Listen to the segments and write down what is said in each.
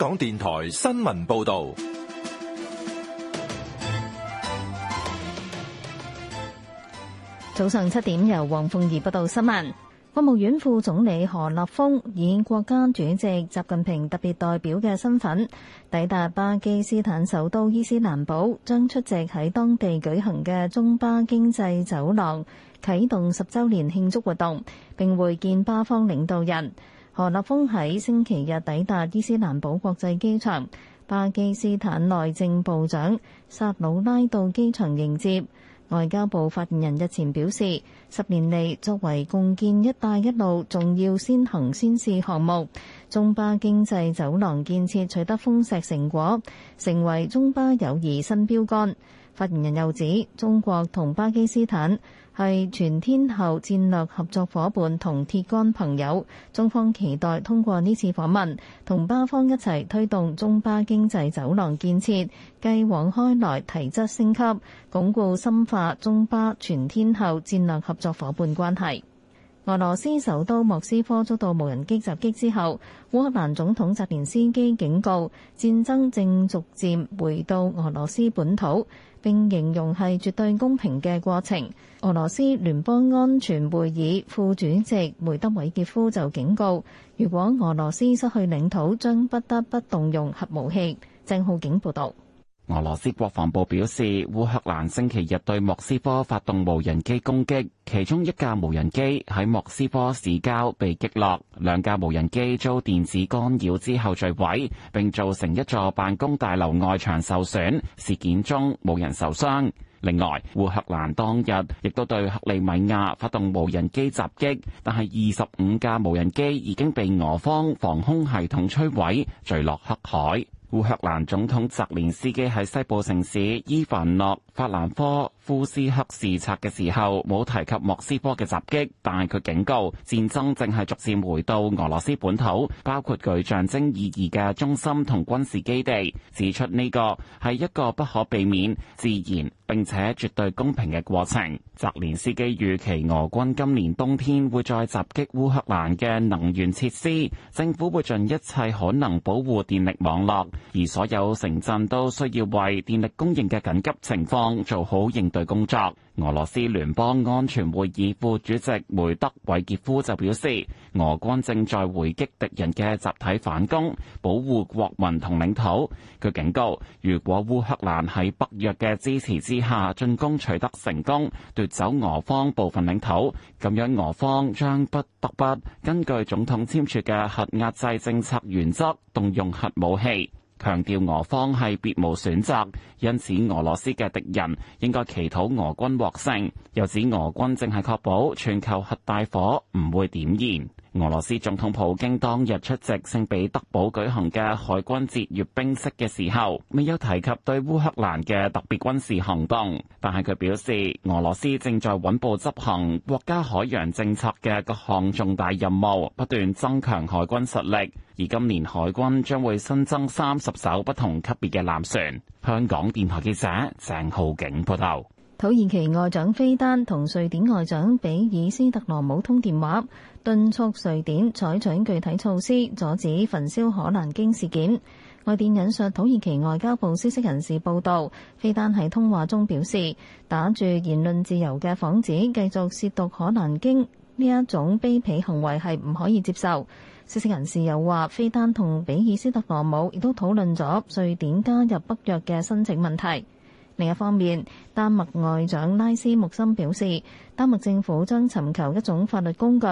港電台新聞報道：早上七點，由黃鳳儀報道新聞。國務院副總理何立峰以國家主席習近平特別代表嘅身份抵達巴基斯坦首都伊斯蘭堡，將出席喺當地舉行嘅中巴經濟走廊啟動十週年慶祝活動，並會見巴方領導人。何立峰喺星期日抵達伊斯蘭堡國際機場，巴基斯坦內政部長薩魯拉到機場迎接。外交部發言人日前表示，十年嚟作為共建“一帶一路”重要先行先試項目，中巴經濟走廊建設取得豐碩成果，成為中巴友誼新標杆。發言人又指，中國同巴基斯坦係全天候戰略合作夥伴同鐵桿朋友，中方期待通過呢次訪問同巴方一齊推動中巴經濟走廊建設，繼往開來提質升級，鞏固深化中巴全天候戰略合作夥伴關係。俄羅斯首都莫斯科遭到無人機襲擊之後，烏克蘭總統澤連斯基警告，戰爭正逐漸回到俄羅斯本土，並形容係絕對公平嘅過程。俄羅斯聯邦安全會議副主席梅德韋傑夫就警告，如果俄羅斯失去領土，將不得不動用核武器。鄭浩景報導。俄羅斯國防部表示，烏克蘭星期日對莫斯科發動無人機攻擊，其中一架無人機喺莫斯科市郊被擊落，兩架無人機遭電子干擾之後墜毀，並造成一座辦公大樓外牆受損。事件中冇人受傷。另外，烏克蘭當日亦都對克里米亞發動無人機襲擊，但係二十五架無人機已經被俄方防空系統摧毀，墜落黑海。.烏克蘭總統澤連斯基喺西部城市伊凡諾法蘭科庫斯克視察嘅時候冇提及莫斯科嘅襲擊，但係佢警告戰爭正係逐漸回到俄羅斯本土，包括具象徵意義嘅中心同軍事基地，指出呢個係一個不可避免、自然並且絕對公平嘅過程。澤連斯基預期俄軍今年冬天會再襲擊烏克蘭嘅能源設施，政府會盡一切可能保護電力網絡，而所有城鎮都需要為電力供應嘅緊急情況做好應。對工作，俄羅斯聯邦安全會議副主席梅德韋傑夫就表示，俄軍正在回擊敵人嘅集體反攻，保護國民同領土。佢警告，如果烏克蘭喺北約嘅支持之下進攻取得成功，奪走俄方部分領土，咁樣俄方將不得不根據總統簽署嘅核壓制政策原則，動用核武器。強調俄方係別無選擇，因此俄羅斯嘅敵人應該祈禱俄軍獲勝，又指俄軍正係確保全球核大火唔會點燃。俄羅斯總統普京當日出席聖彼得堡舉行嘅海軍節閱兵式嘅時候，未有提及對烏克蘭嘅特別軍事行動，但係佢表示俄羅斯正在穩步執行國家海洋政策嘅各項重大任務，不斷增強海軍實力，而今年海軍將會新增三十艘不同級別嘅艦船。香港電台記者鄭浩景報道。土耳其外長菲丹同瑞典外長比爾斯特羅姆通電話，敦促瑞典採取具體措施阻止焚燒《可蘭經》事件。外電引述土耳其外交部消息人士報道，菲丹喺通話中表示，打住言論自由嘅幌子，繼續褻瀆《可蘭經》呢一種卑鄙行為係唔可以接受。消息人士又話，菲丹同比爾斯特羅姆亦都討論咗瑞典加入北約嘅申請問題。另一方面，丹麥外長拉斯穆森表示，丹麥政府將尋求一種法律工具，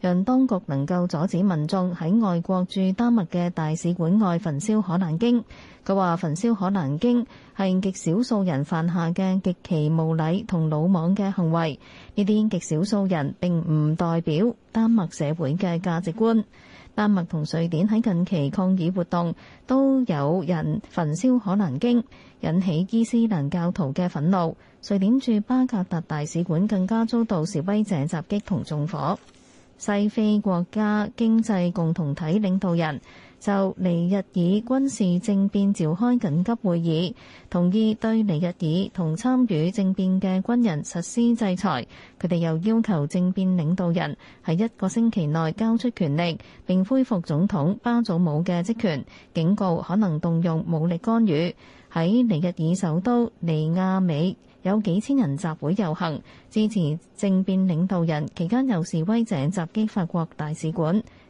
讓當局能夠阻止民眾喺外國駐丹麥嘅大使館外焚燒《可蘭經》。佢話：焚燒《可蘭經》係極少數人犯下嘅極其無禮同魯莽嘅行為，呢啲極少數人並唔代表丹麥社會嘅價值觀。丹麥同瑞典喺近期抗議活動，都有人焚燒可蘭經，引起伊斯蘭教徒嘅憤怒。瑞典駐巴格達大使館更加遭到示威者襲擊同縱火。西非國家經濟共同體領導人就尼日爾軍事政變召開緊急會議，同意對尼日爾同參與政變嘅軍人實施制裁。佢哋又要求政變領導人喺一個星期內交出權力，並恢復總統巴祖姆嘅職權。警告可能動用武力干預。喺尼日爾首都尼亞美，有幾千人集會遊行，支持政變領導人，期間有示威者襲擊法國大使館。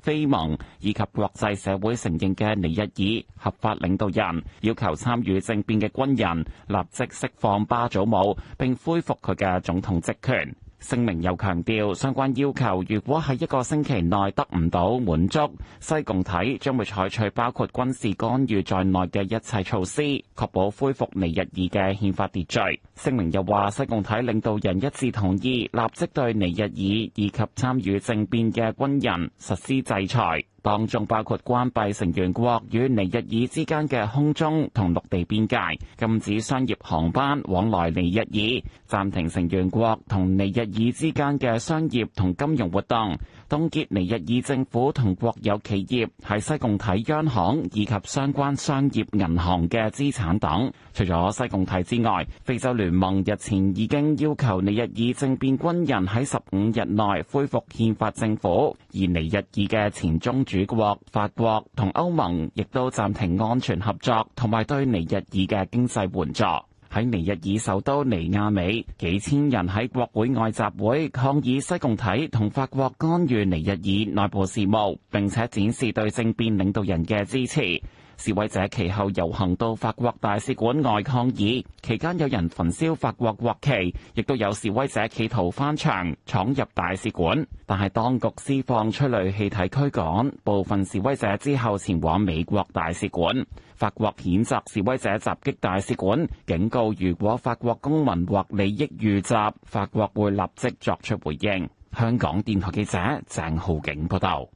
非盟以及國際社會承認嘅尼日爾合法領導人要求參與政變嘅軍人立即釋放巴祖姆，並恢復佢嘅總統職權。聲明又強調，相關要求如果喺一個星期內得唔到滿足，西共體將會採取包括軍事干預在內嘅一切措施，確保恢復尼日爾嘅憲法秩序。聲明又話，西共體領導人一致同意立即對尼日爾以及參與政變嘅軍人實施制裁。當中包括關閉成員國與尼日爾之間嘅空中同陸地邊界，禁止商業航班往來尼日爾，暫停成員國同尼日爾之間嘅商業同金融活動。凍結尼日爾政府同國有企業、喺西共體央行以及相關商業銀行嘅資產等。除咗西共體之外，非洲聯盟日前已經要求尼日爾政變軍人喺十五日內恢復憲法政府。而尼日爾嘅前宗主國法國同歐盟亦都暫停安全合作，同埋對尼日爾嘅經濟援助。喺尼日爾首都尼亞美，幾千人喺國會外集會，抗議西共體同法國干預尼，尼日爾內部事務，並且展示對政變領導人嘅支持。示威者其後遊行到法國大使館外抗議，期間有人焚燒法國國旗，亦都有示威者企圖翻牆闖入大使館，但係當局施放催淚氣體驅趕，部分示威者之後前往美國大使館，法國譴責示威者襲擊大使館，警告如果法國公民或利益遇襲，法國會立即作出回應。香港電台記者鄭浩景報道。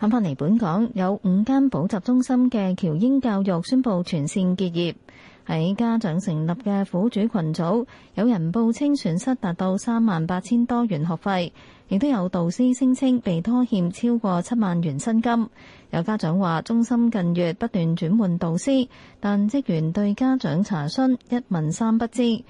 睇翻嚟，本港有五間補習中心嘅喬英教育宣布全線結業。喺家長成立嘅苦主群組，有人報稱損失達到三萬八千多元學費，亦都有導師聲稱被拖欠超過七萬元薪金。有家長話，中心近月不斷轉換導師，但職員對家長查詢一問三不知。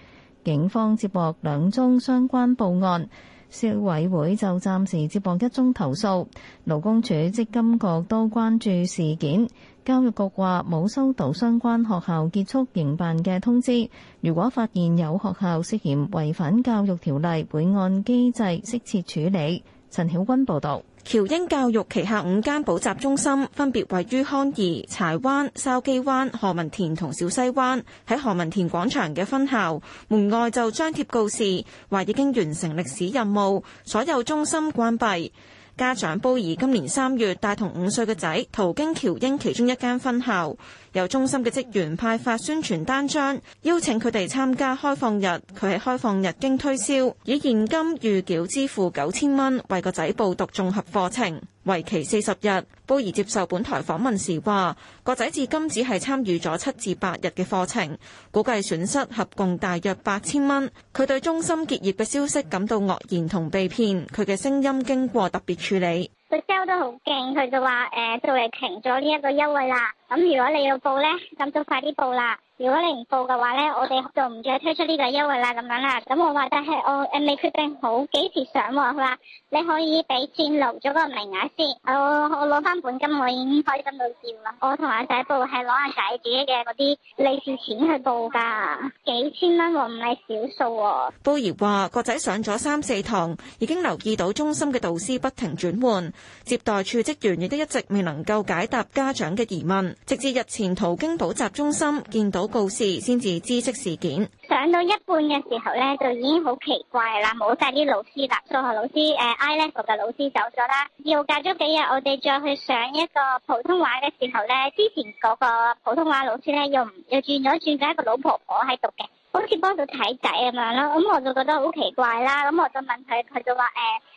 警方接獲兩宗相關報案。消委會就暫時接獲一宗投訴，勞工處、積金局都關注事件。教育局話冇收到相關學校結束營辦嘅通知，如果發現有學校涉嫌違反教育條例，會按機制適切處理。陳曉君報道。喬英教育旗下五間補習中心分別位於康怡、柴灣、筲箕灣、何文田同小西灣，喺何文田廣場嘅分校門外就張貼告示，話已經完成歷史任務，所有中心關閉。家長布儀今年三月帶同五歲嘅仔途經喬英其中一間分校。由中心嘅職員派發宣傳單張，邀請佢哋參加開放日。佢喺開放日經推銷以現金預繳支付九千蚊，為個仔報讀綜合課程，為期四十日。波兒接受本台訪問時話個仔至今只係參與咗七至八日嘅課程，估計損失合共大約八千蚊。佢對中心結業嘅消息感到愕然同被騙，佢嘅聲音經過特別處理。佢 sell 得好勁，佢就話誒，就嚟停咗呢一個優惠啦。咁如果你要報咧，咁就快啲報啦。如果你唔報嘅話咧，我哋就唔再推出呢個優惠啦咁樣啦。咁我話，但係我誒未決定好幾時上喎，啊。佢話，你可以俾錢留咗個名額先。哦，我我攞翻本金我已經開心到笑啦。我同阿仔報係攞阿仔自己嘅嗰啲利是錢去報噶。幾千蚊唔係少數喎，啊。傅儀話：個仔上咗三四堂，已經留意到中心嘅導師不停轉換，接待處職員亦都一直未能夠解答家長嘅疑問，直至日前途經補習中心見到。告示先至知悉事件。上到一半嘅時候咧，就已經好奇怪啦，冇晒啲老師啦，數學老師、誒、呃、I level 嘅老師走咗啦。要隔咗幾日，我哋再去上一個普通話嘅時候咧，之前嗰個普通話老師咧，又唔又轉咗轉咗一個老婆婆喺度嘅。好似幫到睇仔咁樣咯，咁我就覺得好奇怪啦。咁我就問佢，佢就話：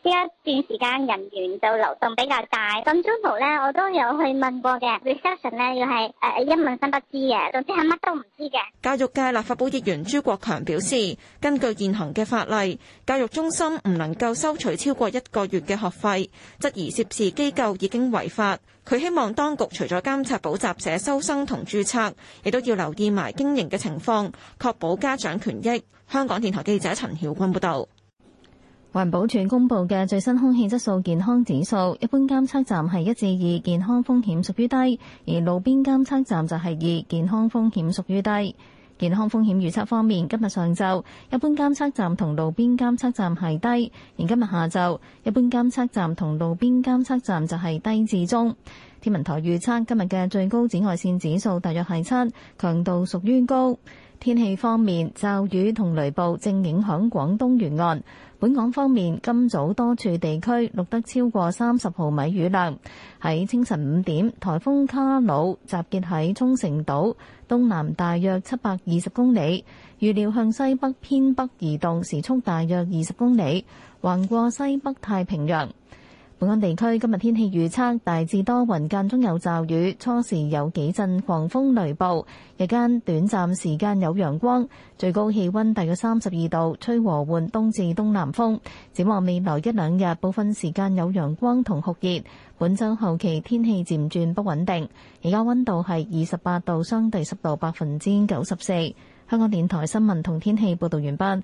誒呢一段時間人員就流動比較大。咁中途咧，我都有去問過嘅，reception 咧又係誒一問三不知嘅，總之係乜都唔知嘅。教育界立法會議員朱國強表示，根據現行嘅法例，教育中心唔能夠收取超過一個月嘅學費，質疑涉事機構已經違法。佢希望當局除咗監察補習社收生同註冊，亦都要留意埋經營嘅情況，確保家長權益。香港電台記者陳曉君報道。環保署公布嘅最新空氣質素健康指數，一般監測站係一至二，健康風險屬於低；而路邊監測站就係二，健康風險屬於低。健康風險預測方面，今日上晝一般監測站同路邊監測站係低，而今日下晝一般監測站同路邊監測站就係低至中。天文台預測今日嘅最高紫外線指數大約係七，強度屬於高。天氣方面，驟雨同雷暴正影響廣東沿岸。本港方面，今早多處地區錄得超過三十毫米雨量。喺清晨五點，台風卡努集結喺沖繩島東南大約七百二十公里，預料向西北偏北移動，時速大約二十公里，橫過西北太平洋。本港地區今日天氣預測，大致多雲間中有驟雨，初時有幾陣狂風雷暴，日間短暫時間有陽光，最高氣溫大約三十二度，吹和緩東至東南風，展望未來一兩日，部分時間有陽光同酷熱，本週後期天氣漸轉不穩定。而家溫度係二十八度，相對濕度百分之九十四。香港電台新聞同天氣報道完畢。